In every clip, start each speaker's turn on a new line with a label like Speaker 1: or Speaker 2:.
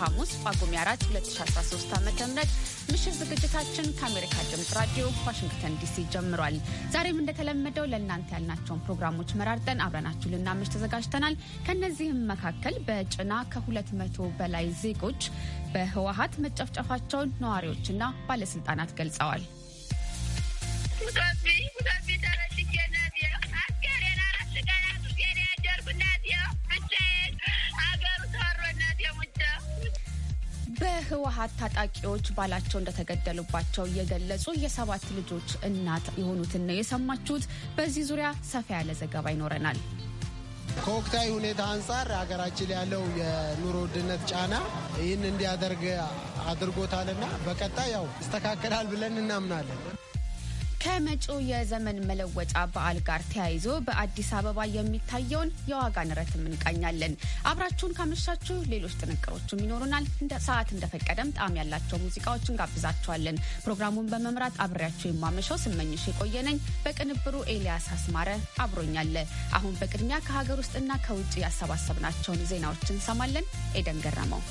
Speaker 1: ሐሙስ ጳጉሜ 4 2013 ዓ ም ምሽት ዝግጅታችን ከአሜሪካ ድምፅ ራዲዮ ዋሽንግተን ዲሲ ጀምሯል። ዛሬም እንደተለመደው ለእናንተ ያልናቸውን ፕሮግራሞች መራርጠን አብረናችሁ ልናምሽ ተዘጋጅተናል። ከእነዚህም መካከል በጭና ከሁለት መቶ በላይ ዜጎች በህወሀት መጨፍጨፋቸውን ነዋሪዎችና ባለስልጣናት ገልጸዋል። የህወሀት ታጣቂዎች ባላቸው እንደተገደሉባቸው የገለጹ የሰባት ልጆች እናት የሆኑትን ነው የሰማችሁት። በዚህ ዙሪያ ሰፋ ያለ ዘገባ ይኖረናል።
Speaker 2: ከወቅታዊ ሁኔታ አንጻር ሀገራችን ያለው የኑሮ ውድነት ጫና ይህን እንዲያደርግ አድርጎታልና በቀጣይ ያው ይስተካከላል ብለን እናምናለን።
Speaker 1: ከመጪው የዘመን መለወጫ በዓል ጋር ተያይዞ በአዲስ አበባ የሚታየውን የዋጋ ንረትም እንቃኛለን። አብራችሁን ካመሻችሁ ሌሎች ጥንቅሮችም ይኖሩናል። ሰዓት እንደፈቀደም ጣዕም ያላቸው ሙዚቃዎችን ጋብዛችኋለን። ፕሮግራሙን በመምራት አብሬያቸው የማመሻው ስመኝሽ የቆየነኝ፣ በቅንብሩ ኤልያስ አስማረ አብሮኛለ። አሁን በቅድሚያ ከሀገር ውስጥና ከውጭ ያሰባሰብናቸውን ዜናዎችን እንሰማለን። ኤደን ገረመው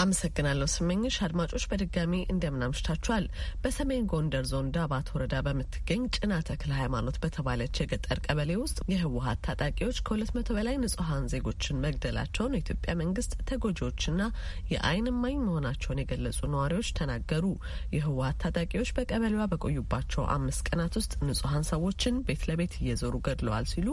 Speaker 3: አመሰግናለሁ ስመኝሽ። አድማጮች በድጋሚ እንደምን አምሽታችኋል። በሰሜን ጎንደር ዞን ዳባት ወረዳ በምትገኝ ጭና ተክለ ሃይማኖት በተባለች የገጠር ቀበሌ ውስጥ የህወሀት ታጣቂዎች ከሁለት መቶ በላይ ንጹሐን ዜጎችን መግደላቸውን የኢትዮጵያ መንግስት ተጎጂዎችና የአይን እማኝ መሆናቸውን የገለጹ ነዋሪዎች ተናገሩ። የህወሀት ታጣቂዎች በቀበሌዋ በቆዩባቸው አምስት ቀናት ውስጥ ንጹሐን ሰዎችን ቤት ለቤት እየዞሩ ገድለዋል ሲሉ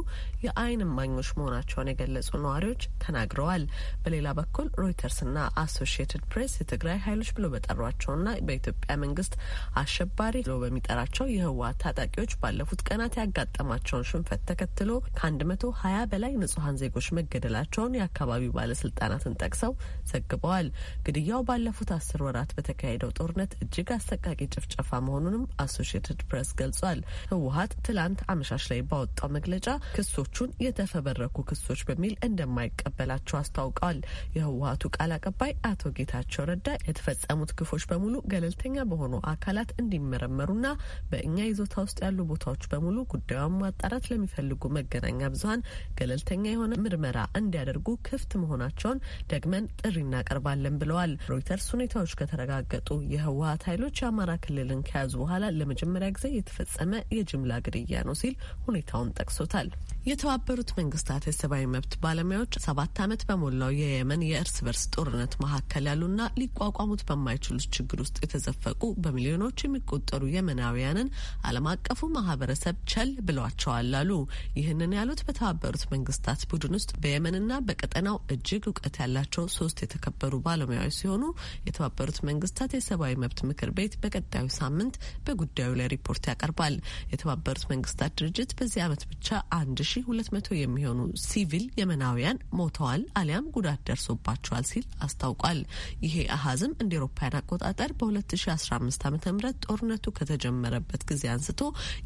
Speaker 3: የአይን እማኞች መሆናቸውን የገለጹ ነዋሪዎች ተናግረዋል። በሌላ በኩል ሮይተርስና አሶ አሶሺየትድ ፕሬስ የትግራይ ኃይሎች ብሎ በጠሯቸውና በኢትዮጵያ መንግስት አሸባሪ ብሎ በሚጠራቸው የህወሀት ታጣቂዎች ባለፉት ቀናት ያጋጠማቸውን ሽንፈት ተከትሎ ከአንድ መቶ ሀያ በላይ ንጹሀን ዜጎች መገደላቸውን የአካባቢው ባለስልጣናትን ጠቅሰው ዘግበዋል። ግድያው ባለፉት አስር ወራት በተካሄደው ጦርነት እጅግ አሰቃቂ ጭፍጨፋ መሆኑንም አሶሺየትድ ፕሬስ ገልጿል። ህወሀት ትላንት አመሻሽ ላይ ባወጣው መግለጫ ክሶቹን የተፈበረኩ ክሶች በሚል እንደማይቀበላቸው አስታውቀዋል። የህወሀቱ ቃል አቀባይ አቶ ጌታቸው ረዳ የተፈጸሙት ግፎች በሙሉ ገለልተኛ በሆኑ አካላት እንዲመረመሩና በእኛ ይዞታ ውስጥ ያሉ ቦታዎች በሙሉ ጉዳዩን ማጣራት ለሚፈልጉ መገናኛ ብዙኃን ገለልተኛ የሆነ ምርመራ እንዲያደርጉ ክፍት መሆናቸውን ደግመን ጥሪ እናቀርባለን ብለዋል። ሮይተርስ ሁኔታዎች ከተረጋገጡ የህወሀት ኃይሎች የአማራ ክልልን ከያዙ በኋላ ለመጀመሪያ ጊዜ የተፈጸመ የጅምላ ግድያ ነው ሲል ሁኔታውን ጠቅሶታል። የተባበሩት መንግስታት የሰብአዊ መብት ባለሙያዎች ሰባት ዓመት በሞላው የየመን የእርስ በርስ ጦርነት መካከል ያሉና ሊቋቋሙት በማይችሉት ችግር ውስጥ የተዘፈቁ በሚሊዮኖች የሚቆጠሩ የመናውያንን ዓለም አቀፉ ማህበረሰብ ቸል ብሏቸዋል አሉ። ይህንን ያሉት በተባበሩት መንግስታት ቡድን ውስጥ በየመንና በቀጠናው እጅግ እውቀት ያላቸው ሶስት የተከበሩ ባለሙያዎች ሲሆኑ የተባበሩት መንግስታት የሰብአዊ መብት ምክር ቤት በቀጣዩ ሳምንት በጉዳዩ ላይ ሪፖርት ያቀርባል። የተባበሩት መንግስታት ድርጅት በዚህ ዓመት ብቻ አንድ 1200 የሚሆኑ ሲቪል የመናውያን ሞተዋል አሊያም ጉዳት ደርሶባቸዋል ሲል አስታውቋል። ይሄ አሀዝም እንደ ኤሮፓያን አቆጣጠር በ2015 ዓ ም ጦርነቱ ከተጀመረበት ጊዜ አንስቶ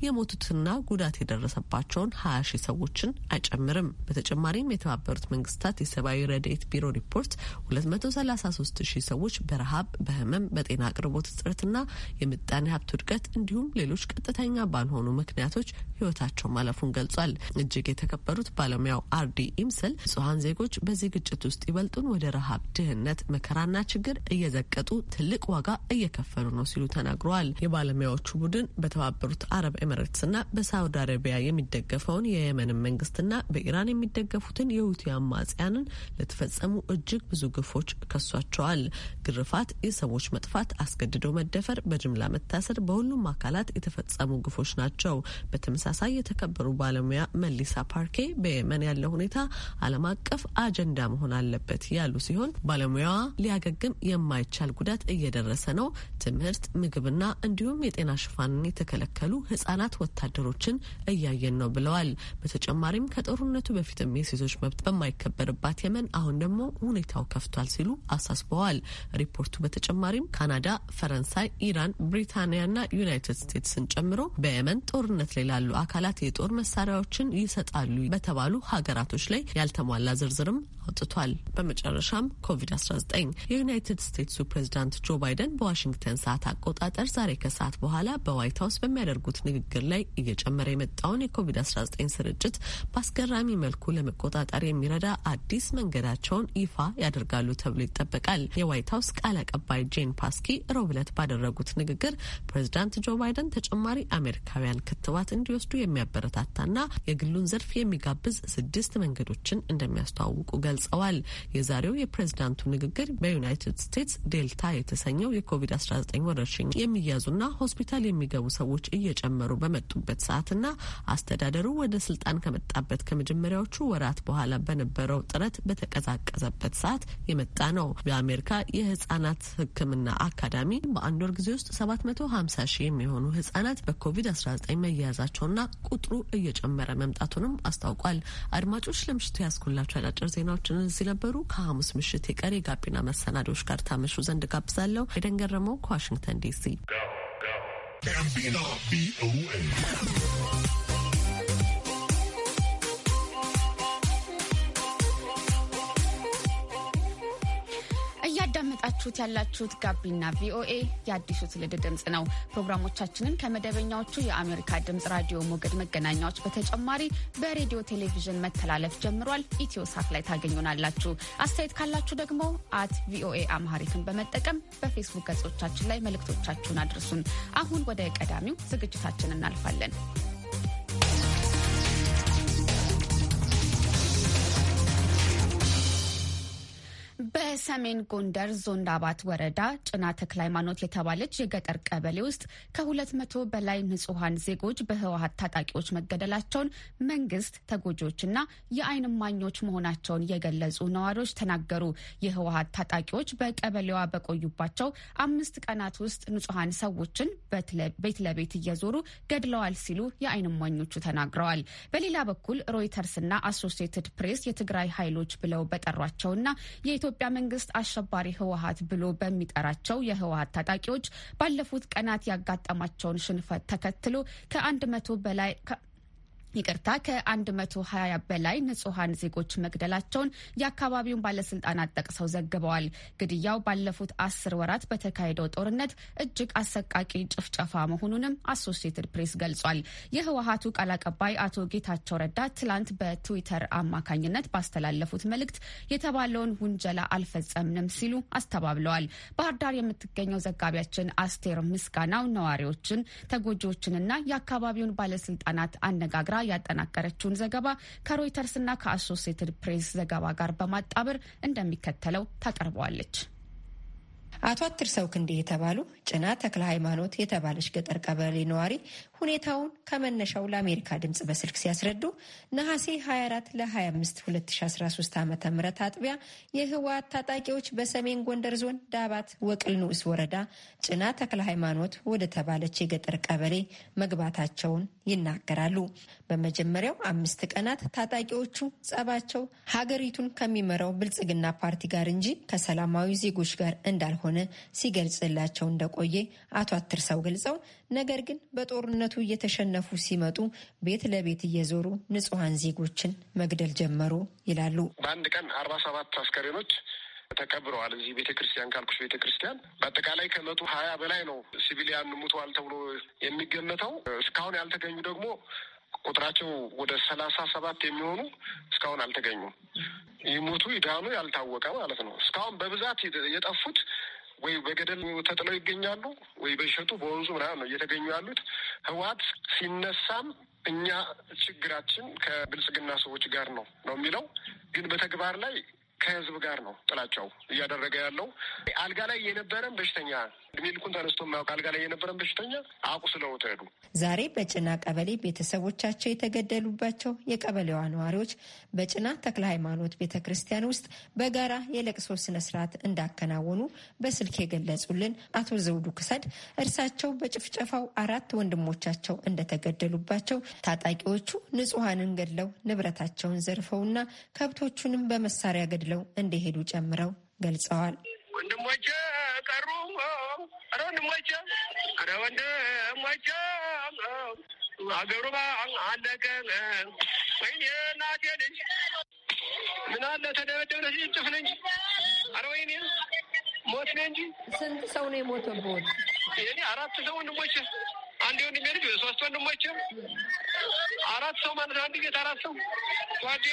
Speaker 3: የሞቱትና ጉዳት የደረሰባቸውን 20 ሺህ ሰዎችን አይጨምርም። በተጨማሪም የተባበሩት መንግስታት የሰብአዊ ረድኤት ቢሮ ሪፖርት 233 ሰዎች በረሃብ፣ በህመም፣ በጤና አቅርቦት እጥረትና የምጣኔ ሀብት ውድቀት እንዲሁም ሌሎች ቀጥተኛ ባልሆኑ ምክንያቶች ህይወታቸው ማለፉን ገልጿል። እጅግ የተከበሩት ባለሙያው አርዲ ኢምስል ንጹሐን ዜጎች በዚህ ግጭት ውስጥ ይበልጡን ወደ ረሃብ፣ ድህነት፣ መከራና ችግር እየዘቀጡ ትልቅ ዋጋ እየከፈሉ ነው ሲሉ ተናግረዋል። የባለሙያዎቹ ቡድን በተባበሩት አረብ ኤምሬትስና በሳውዲ አረቢያ የሚደገፈውን የየመንን መንግስትና በኢራን የሚደገፉትን የሁቲ አማጽያንን ለተፈጸሙ እጅግ ብዙ ግፎች ከሷቸዋል። ግርፋት፣ የሰዎች መጥፋት፣ አስገድዶ መደፈር፣ በጅምላ መታሰር በሁሉም አካላት የተፈጸሙ ግፎች ናቸው። በተመሳሳይ የተከበሩ ባለሙያ መሊ ሜሊሳ ፓርኬ በየመን ያለው ሁኔታ ዓለም አቀፍ አጀንዳ መሆን አለበት ያሉ ሲሆን ባለሙያዋ ሊያገግም የማይቻል ጉዳት እየደረሰ ነው፣ ትምህርት፣ ምግብና እንዲሁም የጤና ሽፋንን የተከለከሉ ህጻናት ወታደሮችን እያየን ነው ብለዋል። በተጨማሪም ከጦርነቱ በፊትም የሴቶች መብት በማይከበርባት የመን አሁን ደግሞ ሁኔታው ከፍቷል ሲሉ አሳስበዋል። ሪፖርቱ በተጨማሪም ካናዳ፣ ፈረንሳይ፣ ኢራን፣ ብሪታንያና ዩናይትድ ስቴትስን ጨምሮ በየመን ጦርነት ላይ ላሉ አካላት የጦር መሳሪያዎችን ይሰጣሉ በተባሉ ሀገራቶች ላይ ያልተሟላ ዝርዝርም አውጥቷል። በመጨረሻም ኮቪድ-19 የዩናይትድ ስቴትሱ ፕሬዚዳንት ጆ ባይደን በዋሽንግተን ሰዓት አቆጣጠር ዛሬ ከሰዓት በኋላ በዋይት ሀውስ በሚያደርጉት ንግግር ላይ እየጨመረ የመጣውን የኮቪድ-19 ስርጭት በአስገራሚ መልኩ ለመቆጣጠር የሚረዳ አዲስ መንገዳቸውን ይፋ ያደርጋሉ ተብሎ ይጠበቃል። የዋይት ሀውስ ቃል አቀባይ ጄን ፓስኪ ረቡዕ ዕለት ባደረጉት ንግግር ፕሬዚዳንት ጆ ባይደን ተጨማሪ አሜሪካውያን ክትባት እንዲወስዱ የሚያበረታታና የግሉ የንግዱን ዘርፍ የሚጋብዝ ስድስት መንገዶችን እንደሚያስተዋውቁ ገልጸዋል። የዛሬው የፕሬዝዳንቱ ንግግር በዩናይትድ ስቴትስ ዴልታ የተሰኘው የኮቪድ-19 ወረርሽኝ የሚያዙና ሆስፒታል የሚገቡ ሰዎች እየጨመሩ በመጡበት ሰዓትና አስተዳደሩ ወደ ስልጣን ከመጣበት ከመጀመሪያዎቹ ወራት በኋላ በነበረው ጥረት በተቀዛቀዘበት ሰዓት የመጣ ነው። በአሜሪካ የህጻናት ሕክምና አካዳሚ በአንድ ወር ጊዜ ውስጥ 750 ሺህ የሚሆኑ ህጻናት በኮቪድ-19 መያያዛቸውና ቁጥሩ እየጨመረ መምጣቱ መውጣቱንም አስታውቋል። አድማጮች ለምሽቱ ያስኩላቸው አጫጭር ዜናዎችን እዚህ ነበሩ። ከሐሙስ ምሽት የቀሪ የጋቢና መሰናዶዎች ጋር ታመሹ ዘንድ ጋብዛለሁ። ኤደን ገረመው ከዋሽንግተን ዲሲ
Speaker 1: እያደመጣችሁት ያላችሁት ጋቢና ቪኦኤ የአዲሱ ትውልድ ድምፅ ነው። ፕሮግራሞቻችንን ከመደበኛዎቹ የአሜሪካ ድምፅ ራዲዮ ሞገድ መገናኛዎች በተጨማሪ በሬዲዮ ቴሌቪዥን መተላለፍ ጀምሯል። ኢትዮ ሳት ላይ ታገኙናላችሁ። አስተያየት ካላችሁ ደግሞ አት ቪኦኤ አምሃሪክን በመጠቀም በፌስቡክ ገጾቻችን ላይ መልእክቶቻችሁን አድርሱን። አሁን ወደ ቀዳሚው ዝግጅታችን እናልፋለን። በሰሜን ጎንደር ዞን ዳባት ወረዳ ጭና ተክለ ሃይማኖት የተባለች የገጠር ቀበሌ ውስጥ ከሁለት መቶ በላይ ንጹሐን ዜጎች በህወሀት ታጣቂዎች መገደላቸውን መንግስት ተጎጂዎችና የአይን ማኞች መሆናቸውን የገለጹ ነዋሪዎች ተናገሩ። የህወሀት ታጣቂዎች በቀበሌዋ በቆዩባቸው አምስት ቀናት ውስጥ ንጹሐን ሰዎችን ቤት ለቤት እየዞሩ ገድለዋል ሲሉ የአይን ማኞቹ ተናግረዋል። በሌላ በኩል ሮይተርስና አሶሲየትድ ፕሬስ የትግራይ ኃይሎች ብለው በጠሯቸውና የኢትዮጵያ የኢትዮጵያ መንግስት አሸባሪ ህወሀት ብሎ በሚጠራቸው የህወሀት ታጣቂዎች ባለፉት ቀናት ያጋጠማቸውን ሽንፈት ተከትሎ ከአንድ መቶ በላይ ይቅርታ ከ120 በላይ ንጹሐን ዜጎች መግደላቸውን የአካባቢውን ባለስልጣናት ጠቅሰው ዘግበዋል። ግድያው ባለፉት አስር ወራት በተካሄደው ጦርነት እጅግ አሰቃቂ ጭፍጨፋ መሆኑንም አሶሲየትድ ፕሬስ ገልጿል። የህወሀቱ ቃል አቀባይ አቶ ጌታቸው ረዳ ትላንት በትዊተር አማካኝነት ባስተላለፉት መልእክት የተባለውን ውንጀላ አልፈጸምንም ሲሉ አስተባብለዋል። ባህር ዳር የምትገኘው ዘጋቢያችን አስቴር ምስጋናው ነዋሪዎችን፣ ተጎጂዎችንና የአካባቢውን ባለስልጣናት አነጋግራል ያጠናቀረችውን ዘገባ ከሮይተርስና ከአሶሴትድ ፕሬስ ዘገባ ጋር በማጣበር እንደሚከተለው ታቀርበዋለች። አቶ ሰው ክንዴ የተባሉ ጭና ተክለ
Speaker 4: ሃይማኖት የተባለች ገጠር ቀበሌ ነዋሪ ሁኔታውን ከመነሻው ለአሜሪካ ድምጽ በስልክ ሲያስረዱ ነሐሴ 24 ለ25 2013 ዓ ም አጥቢያ የህወሓት ታጣቂዎች በሰሜን ጎንደር ዞን ዳባት ወቅል ንዑስ ወረዳ ጭና ተክለ ሃይማኖት ወደ ተባለች የገጠር ቀበሌ መግባታቸውን ይናገራሉ። በመጀመሪያው አምስት ቀናት ታጣቂዎቹ ጸባቸው ሀገሪቱን ከሚመራው ብልጽግና ፓርቲ ጋር እንጂ ከሰላማዊ ዜጎች ጋር እንዳልሆነ እንደሆነ ሲገልጽላቸው እንደቆየ አቶ አትርሰው ገልጸው፣ ነገር ግን በጦርነቱ እየተሸነፉ ሲመጡ ቤት ለቤት እየዞሩ ንጹሐን ዜጎችን መግደል ጀመሩ ይላሉ።
Speaker 2: በአንድ ቀን አርባ ሰባት አስከሬኖች ተቀብረዋል። እዚህ ቤተ ክርስቲያን ካልኩሽ ቤተ ክርስቲያን በአጠቃላይ ከመቶ ሀያ በላይ ነው ሲቪሊያን ሙተዋል ተብሎ የሚገመተው። እስካሁን ያልተገኙ ደግሞ ቁጥራቸው ወደ ሰላሳ ሰባት የሚሆኑ እስካሁን አልተገኙም። ይሞቱ ይዳኑ ያልታወቀ ማለት ነው። እስካሁን በብዛት የጠፉት ወይ በገደል ተጥለው ይገኛሉ ወይ በሸጡ በወንዙ ምናምን ነው እየተገኙ ያሉት። ህወሀት ሲነሳም እኛ ችግራችን ከብልጽግና ሰዎች ጋር ነው ነው የሚለው ግን በተግባር ላይ ከህዝብ ጋር ነው ጥላቻው እያደረገ ያለው። አልጋ ላይ የነበረን በሽተኛ ሚልኩን ተነስቶ የማያውቅ አልጋ ላይ የነበረን በሽተኛ አቁስለው ተሄዱ።
Speaker 4: ዛሬ በጭና ቀበሌ ቤተሰቦቻቸው የተገደሉባቸው የቀበሌዋ ነዋሪዎች በጭና ተክለ ሃይማኖት ቤተ ክርስቲያን ውስጥ በጋራ የለቅሶ ስነ ስርዓት እንዳከናወኑ በስልክ የገለጹልን አቶ ዘውዱ ክሰድ እርሳቸው በጭፍጨፋው አራት ወንድሞቻቸው እንደተገደሉባቸው ታጣቂዎቹ ንጹሐንን ገድለው ንብረታቸውን ዘርፈውና ከብቶቹንም በመሳሪያ ገድለው ተከትለው እንደሄዱ ጨምረው ገልጸዋል። ወንድሞቼ ቀሩ፣
Speaker 2: ኧረ ወንድሞቼ፣ ኧረ ወንድሞቼ አገሩባ አለቀ። ወይኔ እናቴ ልጅ ምን አለ ተደበደብነ ጭፍ ነ እንጂ ኧረ ወይኔ
Speaker 4: ሞት ነ እንጂ። ስንት ሰው ነው የሞተቦት?
Speaker 2: እኔ አራት ሰው ወንድሞች አንድ ወንድሜ ልጅ፣ ሶስት ወንድሞች አራት ሰው ማለት አንድ ቤት አራት ሰው ጓዴ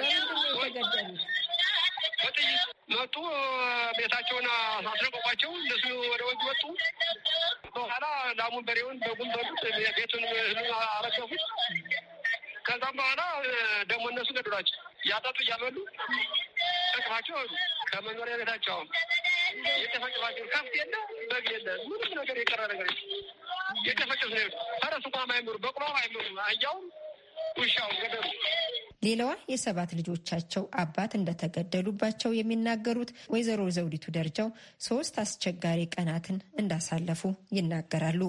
Speaker 2: በምንድን ነው የተገደሉት? በጥይት መጡ። ቤታቸውን አስለቀቋቸው። እነሱ ወደ ወጅ ወጡ። በኋላ ላሙን፣ በሬውን፣ በጉን በሉት። ቤቱን አረገፉት። ከዛም በኋላ ደግሞ እነሱ ገድሏቸው ያጠጡ እያበሉ ጠቅፋቸው ሉ ከመኖሪያ ቤታቸው የጨፈጨፋቸው ከፍት የለ በግ የለ ምንም ነገር የቀረ ነገር የጨፈጨፍ ነው። ፈረስ እንኳን አይምሩ፣ በቅሎ አይምሩ፣ አያውም ውሻው ገደሉ።
Speaker 4: ሌላዋ የሰባት ልጆቻቸው አባት እንደተገደሉባቸው የሚናገሩት ወይዘሮ ዘውዲቱ ደርጃው ሶስት አስቸጋሪ ቀናትን እንዳሳለፉ ይናገራሉ።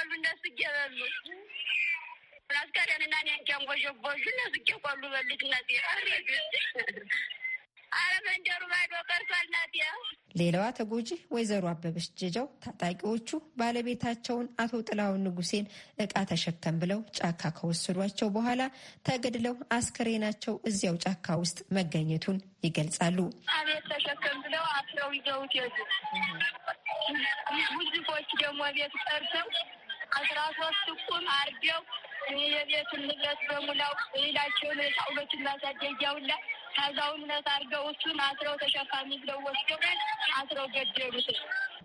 Speaker 5: ቆሉ እነሱ እየበሉ ራስጋሪያን እና ኒያንኪያን እነሱ እጌ በሉት ነት አረ ባዶ ቀርቷል ናት።
Speaker 4: ሌላዋ ተጎጂ ወይዘሮ አበበች ጀጃው ታጣቂዎቹ ባለቤታቸውን አቶ ጥላሁን ንጉሴን እቃ ተሸከም ብለው ጫካ ከወሰዷቸው በኋላ ተገድለው አስከሬናቸው እዚያው ጫካ ውስጥ መገኘቱን ይገልጻሉ።
Speaker 5: አቤት ተሸከም ብለው አስረው ይዘውት የዙ ሙዚቆች ደግሞ ቤት ጠርተው አስራ ሶስት እቁብ አርደው የቤቱን ንብረት በሙላው እህላቸውን የሳውሎችን ማሳደጊያውላ ከዛውነት አርገው እሱን አስረው ተሸካሚ ብለው ወስደው አስረው ገደሉት።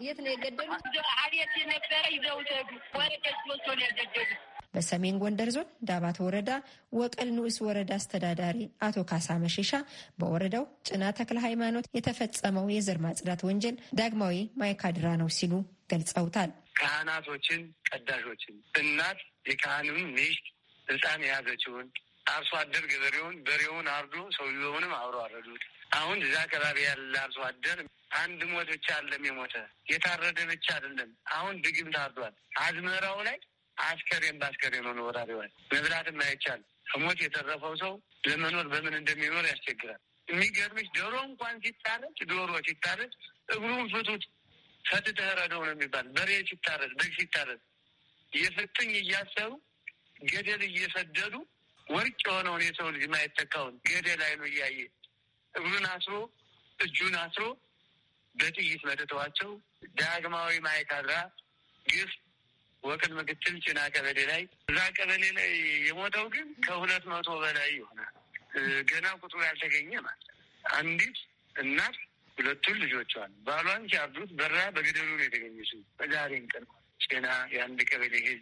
Speaker 5: የት ነው የገደሉት? አቤት የነበረ ይዘውተዱ ወረቀት ወስዶ ነው ያገደሉት።
Speaker 4: በሰሜን ጎንደር ዞን ዳባት ወረዳ ወቀል ንዑስ ወረዳ አስተዳዳሪ አቶ ካሳ መሸሻ በወረዳው ጭና ተክለ ሃይማኖት የተፈጸመው የዘር ማጽዳት ወንጀል ዳግማዊ ማይካድራ ነው ሲሉ ገልጸውታል።
Speaker 6: ካህናቶችን፣ ቀዳሾችን፣ እናት የካህንም ሚስት ሕፃን የያዘችውን አርሶ አደር ገበሬውን በሬውን አርዶ ሰውየውንም አብሮ አረዱት። አሁን እዛ አካባቢ ያለ አርሶ አደር አንድ ሞት ብቻ አለም የሞተ የታረደ ብቻ አይደለም። አሁን ድግም ታርዷል። አዝመራው ላይ አስከሬን በአስከሬን ሆኖ ወራሪዋል። መብላትም አይቻል። ከሞት የተረፈው ሰው ለመኖር በምን እንደሚኖር ያስቸግራል። የሚገርምሽ ዶሮ እንኳን ሲታረድ ዶሮ ሲታረድ እግሩን ፍቱት ፈትተህ ረዶው ነው የሚባል በሬ ሲታረስ፣ በግ ሲታረስ የፍትኝ እያሰሩ ገደል እየሰደዱ ወርቅ የሆነውን የሰው ልጅ ማይተካውን ገደል አይሉ እያየ እግሩን አስሮ እጁን አስሮ በጥይት መትተዋቸው ዳግማዊ ማይካድራ ግፍ ወቅን ምክትል ጭና ቀበሌ ላይ እዛ ቀበሌ ላይ የሞተው ግን ከሁለት መቶ በላይ ይሆናል። ገና ቁጥሩ ያልተገኘ ማለት አንዲት እናት ሁለቱን ልጆቿን ባሏን ሲያብዱት በራ በገደሉ ነው የተገኘች። በዛሬን ቀን ጤና የአንድ ቀበሌ ህዝብ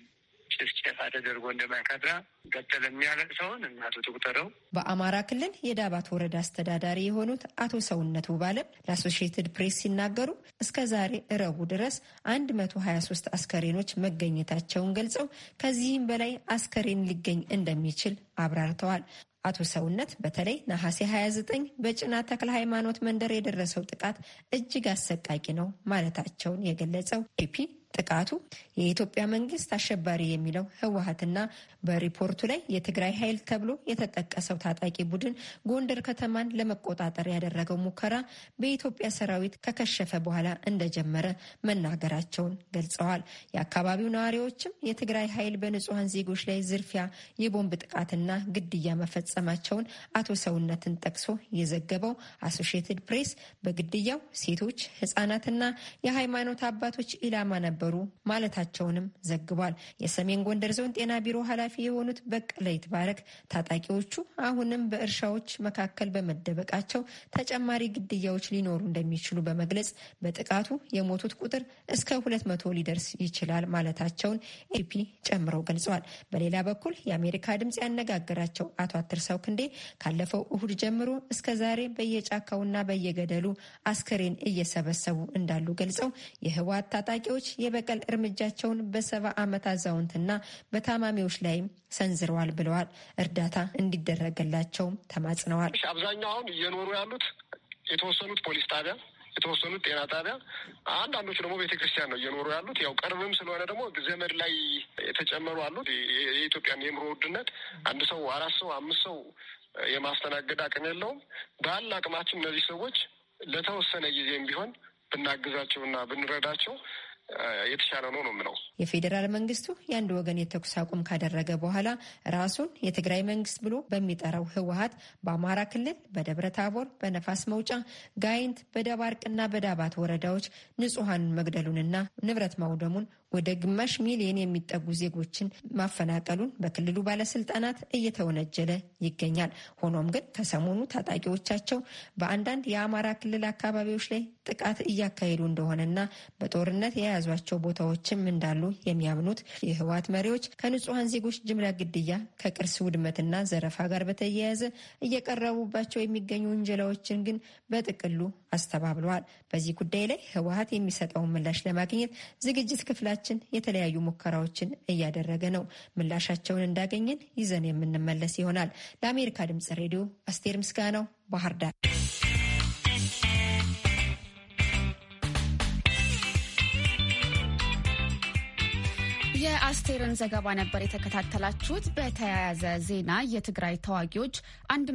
Speaker 6: ጭፍጨፋ ተደርጎ እንደማይካድራ ቀጠለ የሚያለቅሰውን እናቱ ትቁጠረው።
Speaker 4: በአማራ ክልል የዳባት ወረዳ አስተዳዳሪ የሆኑት አቶ ሰውነቱ ባለም ለአሶሺየትድ ፕሬስ ሲናገሩ እስከ ዛሬ እረቡ ድረስ 123 አስከሬኖች መገኘታቸውን ገልጸው ከዚህም በላይ አስከሬን ሊገኝ እንደሚችል አብራርተዋል። አቶ ሰውነት በተለይ ነሐሴ 29 በጭና ተክለ ሃይማኖት መንደር የደረሰው ጥቃት እጅግ አሰቃቂ ነው ማለታቸውን የገለጸው ፒፒ ጥቃቱ የኢትዮጵያ መንግስት አሸባሪ የሚለው ህወሀትና በሪፖርቱ ላይ የትግራይ ኃይል ተብሎ የተጠቀሰው ታጣቂ ቡድን ጎንደር ከተማን ለመቆጣጠር ያደረገው ሙከራ በኢትዮጵያ ሰራዊት ከከሸፈ በኋላ እንደጀመረ መናገራቸውን ገልጸዋል። የአካባቢው ነዋሪዎችም የትግራይ ኃይል በንጹሐን ዜጎች ላይ ዝርፊያ፣ የቦምብ ጥቃትና ግድያ መፈጸማቸውን አቶ ሰውነትን ጠቅሶ የዘገበው አሶሺየትድ ፕሬስ በግድያው ሴቶች ህጻናትና የሃይማኖት አባቶች ኢላማ ነበር ነበሩ ማለታቸውንም ዘግቧል። የሰሜን ጎንደር ዞን ጤና ቢሮ ኃላፊ የሆኑት በቀለ ይትባረክ ታጣቂዎቹ አሁንም በእርሻዎች መካከል በመደበቃቸው ተጨማሪ ግድያዎች ሊኖሩ እንደሚችሉ በመግለጽ በጥቃቱ የሞቱት ቁጥር እስከ ሁለት መቶ ሊደርስ ይችላል ማለታቸውን ኤፒ ጨምረው ገልጸዋል። በሌላ በኩል የአሜሪካ ድምፅ ያነጋገራቸው አቶ አትርሰው ክንዴ ካለፈው እሁድ ጀምሮ እስከ ዛሬ በየጫካውና በየገደሉ አስከሬን እየሰበሰቡ እንዳሉ ገልጸው የህወሓት ታጣቂዎች የ የበቀል እርምጃቸውን በሰባ ዓመት አዛውንትና በታማሚዎች ላይም ሰንዝረዋል ብለዋል። እርዳታ እንዲደረግላቸውም ተማጽነዋል።
Speaker 2: አብዛኛው አሁን እየኖሩ ያሉት የተወሰኑት ፖሊስ ጣቢያ የተወሰኑት ጤና ጣቢያ፣ አንዳንዶቹ ደግሞ ቤተክርስቲያን ነው እየኖሩ ያሉት። ያው ቅርብም ስለሆነ ደግሞ ዘመድ ላይ የተጨመሩ አሉት። የኢትዮጵያን የኑሮ ውድነት አንድ ሰው አራት ሰው አምስት ሰው የማስተናገድ አቅም የለውም። ባለ አቅማችን እነዚህ ሰዎች ለተወሰነ ጊዜም ቢሆን ብናግዛቸውና ብንረዳቸው የተሻለ
Speaker 4: ነው ነው የምለው። የፌዴራል መንግስቱ የአንድ ወገን የተኩስ አቁም ካደረገ በኋላ ራሱን የትግራይ መንግስት ብሎ በሚጠራው ህወሀት በአማራ ክልል በደብረ ታቦር፣ በነፋስ መውጫ፣ ጋይንት፣ በደባርቅና በዳባት ወረዳዎች ንጹሐን መግደሉንና ንብረት ማውደሙን ወደ ግማሽ ሚሊዮን የሚጠጉ ዜጎችን ማፈናቀሉን በክልሉ ባለስልጣናት እየተወነጀለ ይገኛል። ሆኖም ግን ከሰሞኑ ታጣቂዎቻቸው በአንዳንድ የአማራ ክልል አካባቢዎች ላይ ጥቃት እያካሄዱ እንደሆነና በጦርነት የያዟቸው ቦታዎችም እንዳሉ የሚያምኑት የህወሓት መሪዎች ከንጹሐን ዜጎች ጅምላ ግድያ፣ ከቅርስ ውድመትና ዘረፋ ጋር በተያያዘ እየቀረቡባቸው የሚገኙ ውንጀላዎችን ግን በጥቅሉ አስተባብለዋል። በዚህ ጉዳይ ላይ ህወሀት የሚሰጠውን ምላሽ ለማግኘት ዝግጅት ክፍላችን የተለያዩ ሙከራዎችን እያደረገ ነው። ምላሻቸውን እንዳገኘን ይዘን የምንመለስ ይሆናል። ለአሜሪካ ድምጽ ሬዲዮ አስቴር ምስጋናው ባህር ዳር።
Speaker 1: የአስቴርን ዘገባ ነበር የተከታተላችሁት። በተያያዘ ዜና የትግራይ ተዋጊዎች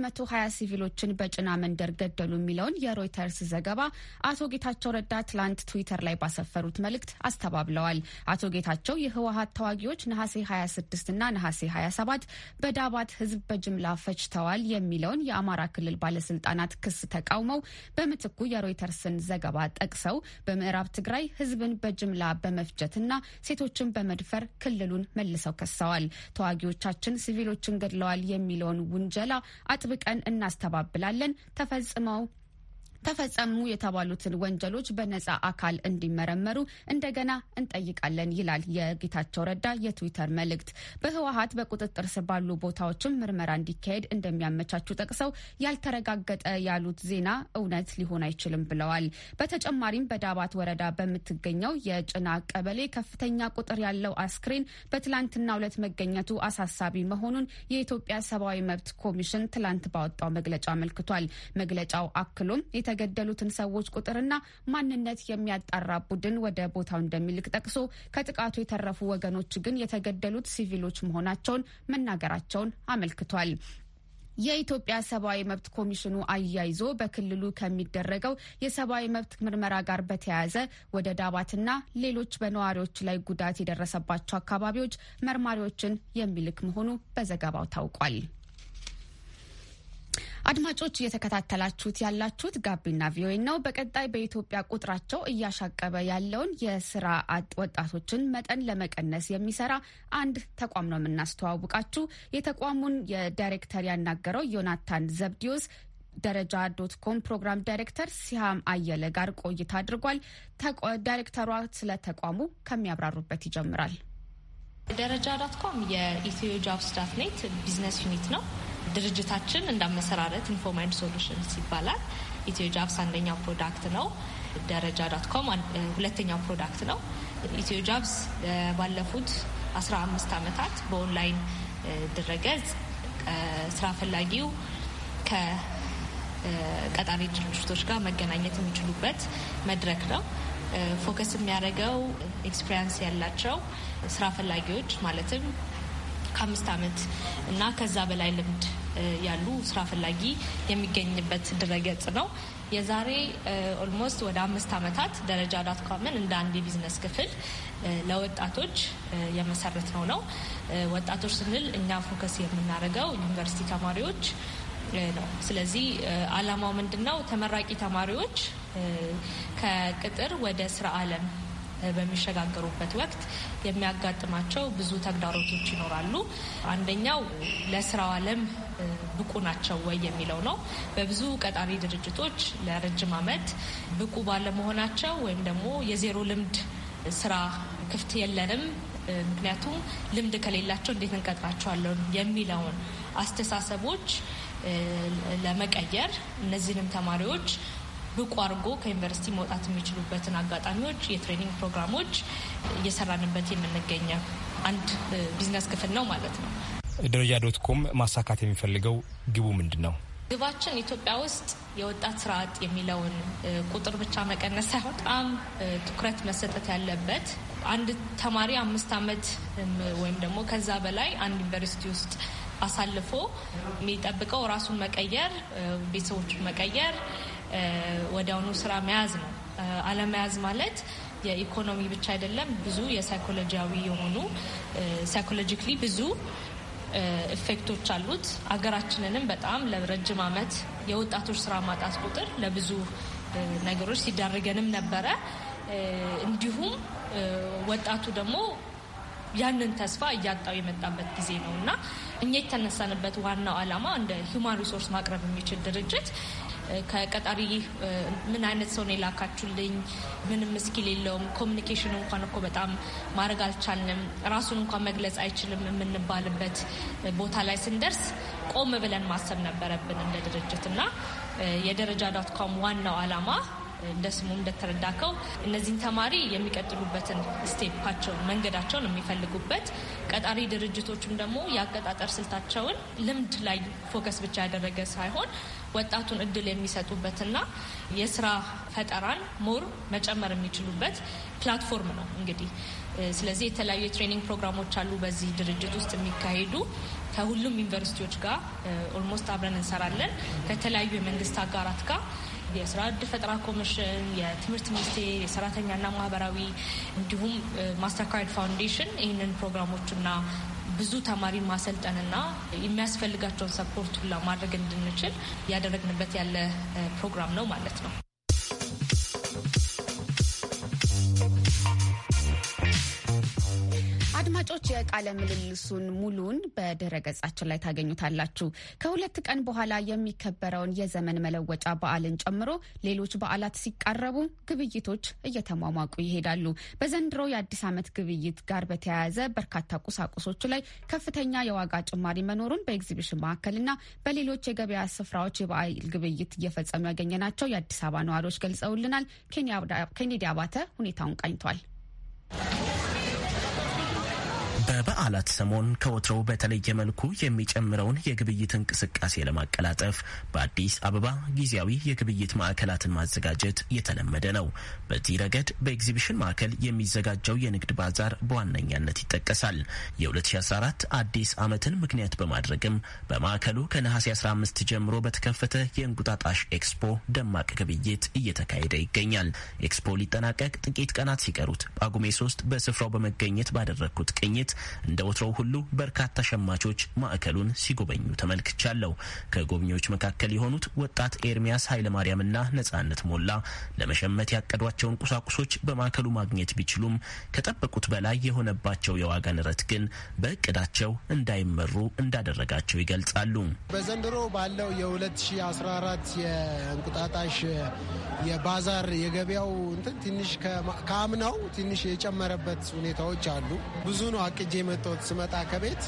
Speaker 1: 120 ሲቪሎችን በጭና መንደር ገደሉ የሚለውን የሮይተርስ ዘገባ አቶ ጌታቸው ረዳ ትላንት ትዊተር ላይ ባሰፈሩት መልእክት አስተባብለዋል። አቶ ጌታቸው የህወሀት ተዋጊዎች ነሐሴ 26 እና ነሐሴ 27 በዳባት ህዝብ በጅምላ ፈጅተዋል የሚለውን የአማራ ክልል ባለስልጣናት ክስ ተቃውመው በምትኩ የሮይተርስን ዘገባ ጠቅሰው በምዕራብ ትግራይ ህዝብን በጅምላ በመፍጀትና ሴቶችን በመድፈር ክልሉን መልሰው ከሰዋል። ተዋጊዎቻችን ሲቪሎችን ገድለዋል የሚለውን ውንጀላ አጥብቀን እናስተባብላለን። ተፈጽመው ተፈጸሙ የተባሉትን ወንጀሎች በነጻ አካል እንዲመረመሩ እንደገና እንጠይቃለን ይላል የጌታቸው ረዳ የትዊተር መልእክት። በህወሀት በቁጥጥር ስር ባሉ ቦታዎችም ምርመራ እንዲካሄድ እንደሚያመቻቹ ጠቅሰው ያልተረጋገጠ ያሉት ዜና እውነት ሊሆን አይችልም ብለዋል። በተጨማሪም በዳባት ወረዳ በምትገኘው የጭና ቀበሌ ከፍተኛ ቁጥር ያለው አስክሬን በትላንትናው ዕለት መገኘቱ አሳሳቢ መሆኑን የኢትዮጵያ ሰብአዊ መብት ኮሚሽን ትላንት ባወጣው መግለጫ አመልክቷል። መግለጫው አክሎም የተገደሉትን ሰዎች ቁጥርና ማንነት የሚያጣራ ቡድን ወደ ቦታው እንደሚልክ ጠቅሶ ከጥቃቱ የተረፉ ወገኖች ግን የተገደሉት ሲቪሎች መሆናቸውን መናገራቸውን አመልክቷል። የኢትዮጵያ ሰብአዊ መብት ኮሚሽኑ አያይዞ በክልሉ ከሚደረገው የሰብአዊ መብት ምርመራ ጋር በተያያዘ ወደ ዳባትና ሌሎች በነዋሪዎች ላይ ጉዳት የደረሰባቸው አካባቢዎች መርማሪዎችን የሚልክ መሆኑ በዘገባው ታውቋል። አድማጮች እየተከታተላችሁት ያላችሁት ጋቢና ቪኦኤ ነው። በቀጣይ በኢትዮጵያ ቁጥራቸው እያሻቀበ ያለውን የስራ አጥ ወጣቶችን መጠን ለመቀነስ የሚሰራ አንድ ተቋም ነው የምናስተዋውቃችሁ። የተቋሙን የዳይሬክተር ያናገረው ዮናታን ዘብዲዮስ ደረጃ ዶት ኮም ፕሮግራም ዳይሬክተር ሲሃም አየለ ጋር ቆይታ አድርጓል። ዳይሬክተሯ ስለ ተቋሙ ከሚያብራሩበት ይጀምራል።
Speaker 7: ደረጃ ዶት ኮም የኢትዮ ጆብስ ዳት ኔት ቢዝነስ ዩኒት ነው። ድርጅታችን እንዳመሰራረት ኢንፎርማይድ ሶሉሽንስ ይባላል። ኢትዮ ጃብስ አንደኛው ፕሮዳክት ነው። ደረጃ ዶት ኮም ሁለተኛው ፕሮዳክት ነው። ኢትዮ ጃብስ ባለፉት 15 ዓመታት በኦንላይን ድረገጽ ስራ ፈላጊው ከቀጣሪ ድርጅቶች ጋር መገናኘት የሚችሉበት መድረክ ነው። ፎከስ የሚያደርገው ኤክስፔሪንስ ያላቸው ስራ ፈላጊዎች ማለትም ከአምስት ዓመት እና ከዛ በላይ ልምድ ያሉ ስራ ፈላጊ የሚገኝበት ድረገጽ ነው። የዛሬ ኦልሞስት ወደ አምስት ዓመታት ደረጃ ዳትኳምን እንደ አንድ የቢዝነስ ክፍል ለወጣቶች የመሰረት ነው ነው ወጣቶች ስንል እኛ ፎከስ የምናደርገው ዩኒቨርሲቲ ተማሪዎች ነው። ስለዚህ አላማው ምንድን ነው? ተመራቂ ተማሪዎች ከቅጥር ወደ ስራ አለም በሚሸጋገሩበት ወቅት የሚያጋጥማቸው ብዙ ተግዳሮቶች ይኖራሉ። አንደኛው ለስራው ዓለም ብቁ ናቸው ወይ የሚለው ነው። በብዙ ቀጣሪ ድርጅቶች ለረጅም ዓመት ብቁ ባለመሆናቸው ወይም ደግሞ የዜሮ ልምድ ስራ ክፍት የለንም ምክንያቱም ልምድ ከሌላቸው እንዴት እንቀጥራቸዋለን የሚለውን አስተሳሰቦች ለመቀየር እነዚህንም ተማሪዎች ብቁ አድርጎ ከዩኒቨርሲቲ መውጣት የሚችሉበትን አጋጣሚዎች፣ የትሬኒንግ ፕሮግራሞች እየሰራንበት የምንገኘው አንድ ቢዝነስ ክፍል ነው ማለት ነው።
Speaker 8: ደረጃ ዶት ኮም ማሳካት የሚፈልገው ግቡ ምንድን ነው?
Speaker 7: ግባችን ኢትዮጵያ ውስጥ የወጣት ስራ አጥ የሚለውን ቁጥር ብቻ መቀነስ ሳይሆን በጣም ትኩረት መሰጠት ያለበት አንድ ተማሪ አምስት ዓመት ወይም ደግሞ ከዛ በላይ አንድ ዩኒቨርሲቲ ውስጥ አሳልፎ የሚጠብቀው ራሱን መቀየር፣ ቤተሰቦችን መቀየር ወዲያውኑ ስራ መያዝ ነው። አለመያዝ ማለት የኢኮኖሚ ብቻ አይደለም፣ ብዙ የሳይኮሎጂያዊ የሆኑ ሳይኮሎጂካሊ ብዙ ኢፌክቶች አሉት። አገራችንንም በጣም ለረጅም አመት የወጣቶች ስራ ማጣት ቁጥር ለብዙ ነገሮች ሲዳርገንም ነበረ። እንዲሁም ወጣቱ ደግሞ ያንን ተስፋ እያጣው የመጣበት ጊዜ ነው እና እኛ የተነሳንበት ዋናው አላማ እንደ ሂውማን ሪሶርስ ማቅረብ የሚችል ድርጅት ከቀጣሪ ምን አይነት ሰው ነው የላካችሁልኝ? ምንም ስኪል የለውም። ኮሚኒኬሽን እንኳን እኮ በጣም ማድረግ አልቻልንም። ራሱን እንኳን መግለጽ አይችልም የምንባልበት ቦታ ላይ ስንደርስ ቆም ብለን ማሰብ ነበረብን እንደ ድርጅት እና የደረጃ ዳትኳም ዋናው አላማ። እንደ ስሙ እንደተረዳከው እነዚህን ተማሪ የሚቀጥሉበትን ስቴፓቸውን መንገዳቸውን የሚፈልጉበት ቀጣሪ ድርጅቶችም ደግሞ የአቀጣጠር ስልታቸውን ልምድ ላይ ፎከስ ብቻ ያደረገ ሳይሆን ወጣቱን እድል የሚሰጡበትና የስራ ፈጠራን ሞር መጨመር የሚችሉበት ፕላትፎርም ነው እንግዲህ። ስለዚህ የተለያዩ የትሬኒንግ ፕሮግራሞች አሉ በዚህ ድርጅት ውስጥ የሚካሄዱ ከሁሉም ዩኒቨርሲቲዎች ጋር ኦልሞስት አብረን እንሰራለን ከተለያዩ የመንግስት አጋራት ጋር የስራ እድል ፈጠራ ኮሚሽን፣ የትምህርት ሚኒስቴር፣ የሰራተኛና ማህበራዊ እንዲሁም ማስተርካርድ ፋውንዴሽን ይህንን ፕሮግራሞችና ብዙ ተማሪ ማሰልጠንና የሚያስፈልጋቸውን ሰፖርቱን ለማድረግ እንድንችል ያደረግንበት ያለ ፕሮግራም ነው ማለት ነው።
Speaker 1: የቃለ ምልልሱን ሙሉን በድረ ገጻችን ላይ ታገኙታላችሁ። ከሁለት ቀን በኋላ የሚከበረውን የዘመን መለወጫ በዓልን ጨምሮ ሌሎች በዓላት ሲቃረቡ ግብይቶች እየተሟሟቁ ይሄዳሉ። በዘንድሮ የአዲስ ዓመት ግብይት ጋር በተያያዘ በርካታ ቁሳቁሶች ላይ ከፍተኛ የዋጋ ጭማሪ መኖሩን በኤግዚቢሽን ማዕከልና በሌሎች የገበያ ስፍራዎች የበዓል ግብይት እየፈጸሙ ያገኘናቸው የአዲስ አበባ ነዋሪዎች ገልጸውልናል። ኬኔዲ አባተ ሁኔታውን ቃኝቷል።
Speaker 8: በበዓላት ሰሞን ከወትሮው በተለየ መልኩ የሚጨምረውን የግብይት እንቅስቃሴ ለማቀላጠፍ በአዲስ አበባ ጊዜያዊ የግብይት ማዕከላትን ማዘጋጀት የተለመደ ነው። በዚህ ረገድ በኤግዚቢሽን ማዕከል የሚዘጋጀው የንግድ ባዛር በዋነኛነት ይጠቀሳል። የ2014 አዲስ ዓመትን ምክንያት በማድረግም በማዕከሉ ከነሐሴ 15 ጀምሮ በተከፈተ የእንቁጣጣሽ ኤክስፖ ደማቅ ግብይት እየተካሄደ ይገኛል። ኤክስፖ ሊጠናቀቅ ጥቂት ቀናት ሲቀሩት ጳጉሜ 3 በስፍራው በመገኘት ባደረግኩት ቅኝት እንደ ወትሮው ሁሉ በርካታ ሸማቾች ማዕከሉን ሲጎበኙ ተመልክቻለሁ። ከጎብኚዎች መካከል የሆኑት ወጣት ኤርሚያስ ኃይለማርያምና ነጻነት ሞላ ለመሸመት ያቀዷቸውን ቁሳቁሶች በማዕከሉ ማግኘት ቢችሉም ከጠበቁት በላይ የሆነባቸው የዋጋ ንረት ግን በእቅዳቸው እንዳይመሩ እንዳደረጋቸው ይገልጻሉ።
Speaker 2: በዘንድሮ ባለው የ2014 የእንቁጣጣሽ የባዛር የገበያው እንትን ትንሽ ከአምናው ትንሽ የጨመረበት ሁኔታዎች አሉ። ብዙ ነው አቅጄ የመጣሁት ስመጣ ከቤት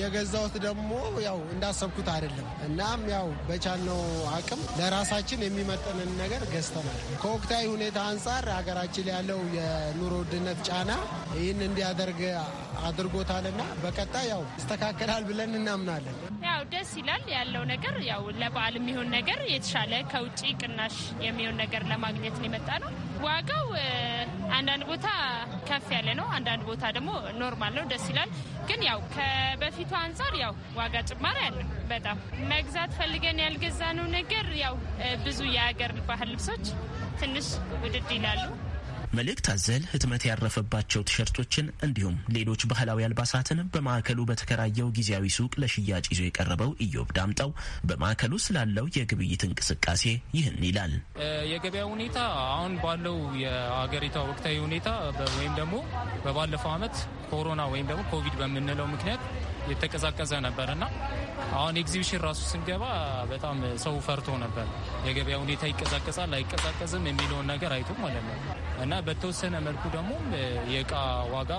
Speaker 2: የገዛሁት ደግሞ ያው እንዳሰብኩት አይደለም። እናም ያው በቻልነው አቅም ለራሳችን የሚመጠንን ነገር ገዝተናል። ከወቅታዊ ሁኔታ አንጻር ሀገራችን ያለው የኑሮ ውድነት ጫና ይህን እንዲያደርግ አድርጎታልና በቀጣይ ያው ይስተካከላል ብለን እናምናለን።
Speaker 7: ደስ ይላል ያለው ነገር ያው ለበዓል የሚሆን ነገር የተሻለ ከውጭ ቅናሽ የሚሆን ነገር ለማግኘት ነው የመጣ ነው። ዋጋው አንዳንድ ቦታ ከፍ ያለ ነው፣ አንዳንድ ቦታ ደግሞ ኖርማል ነው። ደስ ይላል ግን ያው ከበፊቱ አንጻር ያው ዋጋ ጭማሪ አለ። በጣም መግዛት ፈልገን ያልገዛነው ነገር ያው ብዙ የሀገር ባህል ልብሶች ትንሽ ውድድ ይላሉ።
Speaker 8: መልእክት አዘል ህትመት ያረፈባቸው ቲሸርቶችን እንዲሁም ሌሎች ባህላዊ አልባሳትን በማዕከሉ በተከራየው ጊዜያዊ ሱቅ ለሽያጭ ይዞ የቀረበው ኢዮብ ዳምጠው በማዕከሉ ስላለው የግብይት እንቅስቃሴ ይህን ይላል። የገበያ ሁኔታ አሁን ባለው የአገሪቷ ወቅታዊ ሁኔታ ወይም ደግሞ በባለፈው ዓመት ኮሮና ወይም ደግሞ ኮቪድ በምንለው ምክንያት የተቀዛቀዘ ነበር እና አሁን ኤግዚቢሽን ራሱ ስንገባ በጣም ሰው ፈርቶ ነበር። የገበያ ሁኔታ ይቀዛቀዛል አይቀዛቀዝም የሚለውን ነገር አይቶ ማለት ነው እና በተወሰነ መልኩ ደግሞ የእቃ ዋጋ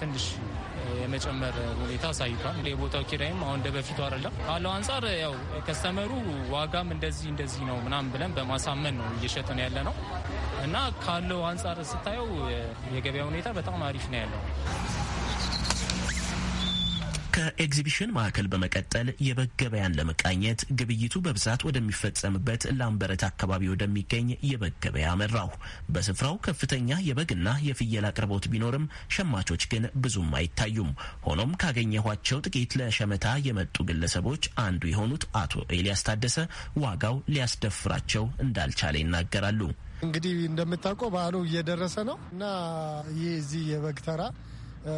Speaker 8: ትንሽ የመጨመር ሁኔታ አሳይቷል። የቦታው ኪራይም አሁን እንደ በፊቱ አይደለም ካለው አንጻር ያው ከስተመሩ ዋጋም እንደዚህ እንደዚህ ነው ምናምን ብለን በማሳመን ነው እየሸጥን ያለ ነው እና ካለው አንጻር ስታየው የገበያ ሁኔታ በጣም አሪፍ ነው ያለው። ከኤግዚቢሽን ማዕከል በመቀጠል የበግ ገበያን ለመቃኘት ግብይቱ በብዛት ወደሚፈጸምበት ላምበረት አካባቢ ወደሚገኝ የበግ ገበያ አመራሁ። በስፍራው ከፍተኛ የበግና የፍየል አቅርቦት ቢኖርም ሸማቾች ግን ብዙም አይታዩም። ሆኖም ካገኘኋቸው ጥቂት ለሸመታ የመጡ ግለሰቦች አንዱ የሆኑት አቶ ኤልያስ ታደሰ ዋጋው ሊያስደፍራቸው እንዳልቻለ ይናገራሉ።
Speaker 2: እንግዲህ እንደምታውቀው በዓሉ እየደረሰ ነው እና ይህ እዚህ የበግ ተራ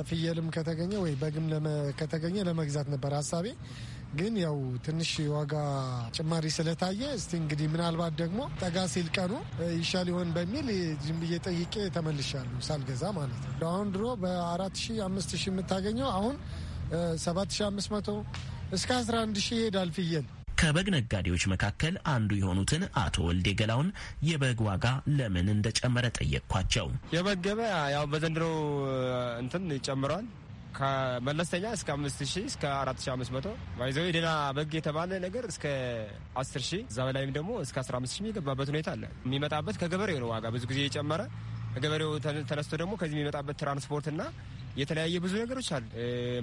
Speaker 2: ፍየልም ከተገኘ ወይ በግም ከተገኘ ለመግዛት ነበር ሀሳቤ። ግን ያው ትንሽ ዋጋ ጭማሪ ስለታየ እስቲ እንግዲህ ምናልባት ደግሞ ጠጋ ሲል ቀኑ ይሻል ይሆን በሚል ዝም ብዬ ጠይቄ ተመልሻሉ ሳልገዛ ማለት ነው። አሁን ድሮ በአራት ሺ አምስት ሺ የምታገኘው አሁን ሰባት ሺ አምስት መቶ
Speaker 8: እስከ አስራ አንድ ሺ ይሄዳል ፍየል ከበግ ነጋዴዎች መካከል አንዱ የሆኑትን አቶ ወልዴ ገላውን የበግ ዋጋ ለምን እንደጨመረ ጠየቅኳቸው። የበግ ገበያ ያው በዘንድሮ እንትን ይጨምረዋል ከመለስተኛ እስከ አምስት ሺህ እስከ አራት ሺህ አምስት መቶ ባይዘው የደና በግ የተባለ ነገር እስከ አስር ሺ እዛ በላይም ደግሞ እስከ አስራ አምስት ሺህ የሚገባበት ሁኔታ አለ። የሚመጣበት ከገበሬው ነው ዋጋ ብዙ ጊዜ የጨመረ ከገበሬው ተነስቶ ደግሞ ከዚህ የሚመጣበት ትራንስፖርትና የተለያየ ብዙ ነገሮች አሉ።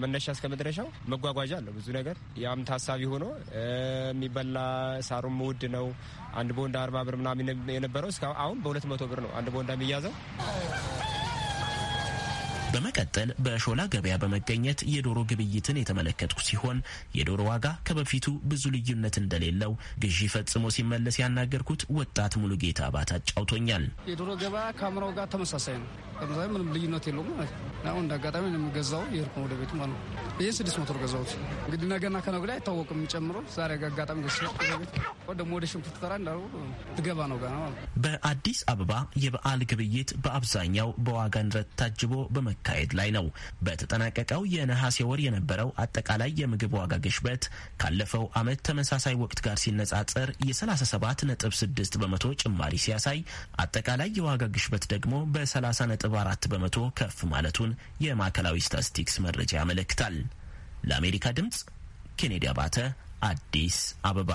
Speaker 8: መነሻ እስከ መድረሻው መጓጓዣ አለው ብዙ ነገር። ያም ታሳቢ ሆኖ የሚበላ ሳሩም ውድ ነው። አንድ ቦንዳ አርባ ብር ምናምን የነበረው እስካሁን አሁን በሁለት መቶ ብር ነው አንድ ቦንዳ የሚያዘው። በመቀጠል በሾላ ገበያ በመገኘት የዶሮ ግብይትን የተመለከትኩ ሲሆን የዶሮ ዋጋ ከበፊቱ ብዙ ልዩነት እንደሌለው ግዢ ፈጽሞ ሲመለስ ያናገርኩት ወጣት ሙሉጌታ አባት አጫውቶኛል።
Speaker 2: የዶሮ ገበያ ከአምራው ጋር ተመሳሳይ ነው። ተመሳሳይ ምንም ልዩነት የለውም ማለት ነው። አሁን እንዳጋጣሚ አጋጣሚ የምገዛው የሄድኩ ወደ ቤቱ ማለት ነው። ይህ ስድስት መቶ ነው ገዛሁት። እንግዲህ ነገና ከነገ ላይ አይታወቅም የሚጨምረው። ዛሬ አጋጣሚ ገስ ደግሞ ወደ ሽንኩርት ተራ እንዳሉ ትገባ ነው ጋር ነው።
Speaker 8: በአዲስ አበባ የበዓል ግብይት በአብዛኛው በዋጋ ንረት ታጅቦ በመ በመካሄድ ላይ ነው። በተጠናቀቀው የነሐሴ ወር የነበረው አጠቃላይ የምግብ ዋጋ ግሽበት ካለፈው ዓመት ተመሳሳይ ወቅት ጋር ሲነጻጸር የ 37 6 በመቶ ጭማሪ ሲያሳይ አጠቃላይ የዋጋ ግሽበት ደግሞ በ 4 በመቶ ከፍ ማለቱን የማዕከላዊ ስታቲስቲክስ መረጃ ያመለክታል። ለአሜሪካ ድምፅ ኬኔዲ አባተ አዲስ አበባ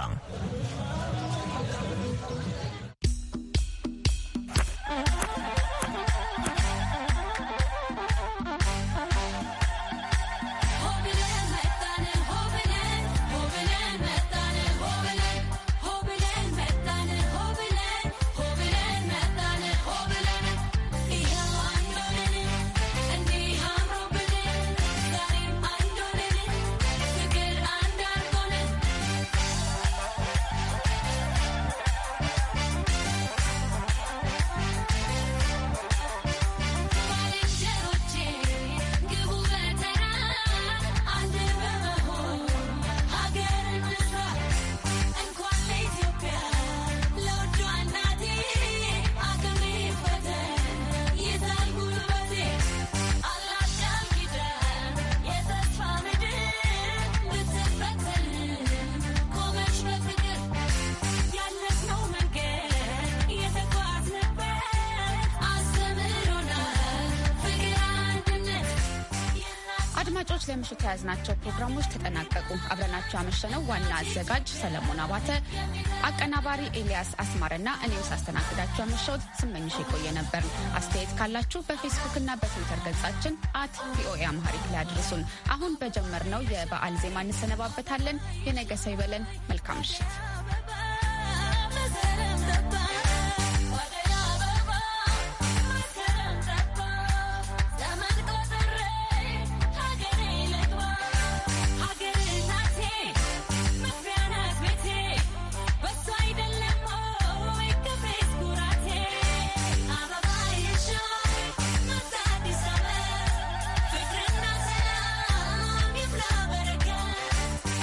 Speaker 1: አድማጮች ለምሽት የያዝናቸው ፕሮግራሞች ተጠናቀቁ። አብረናቸው ያመሸነው ዋና አዘጋጅ ሰለሞን አባተ፣ አቀናባሪ ኤልያስ አስማረና እኔም ሳስተናግዳቸው ያመሸሁት ስመኝሽ የቆየ ነበር። አስተያየት ካላችሁ በፌስቡክና በትዊተር ገጻችን አት ቪኦኤ አምሃሪክ ላይ አድርሱን። አሁን በጀመርነው የበዓል ዜማ እንሰነባበታለን። የነገ ሰው ይበለን። መልካም ምሽት።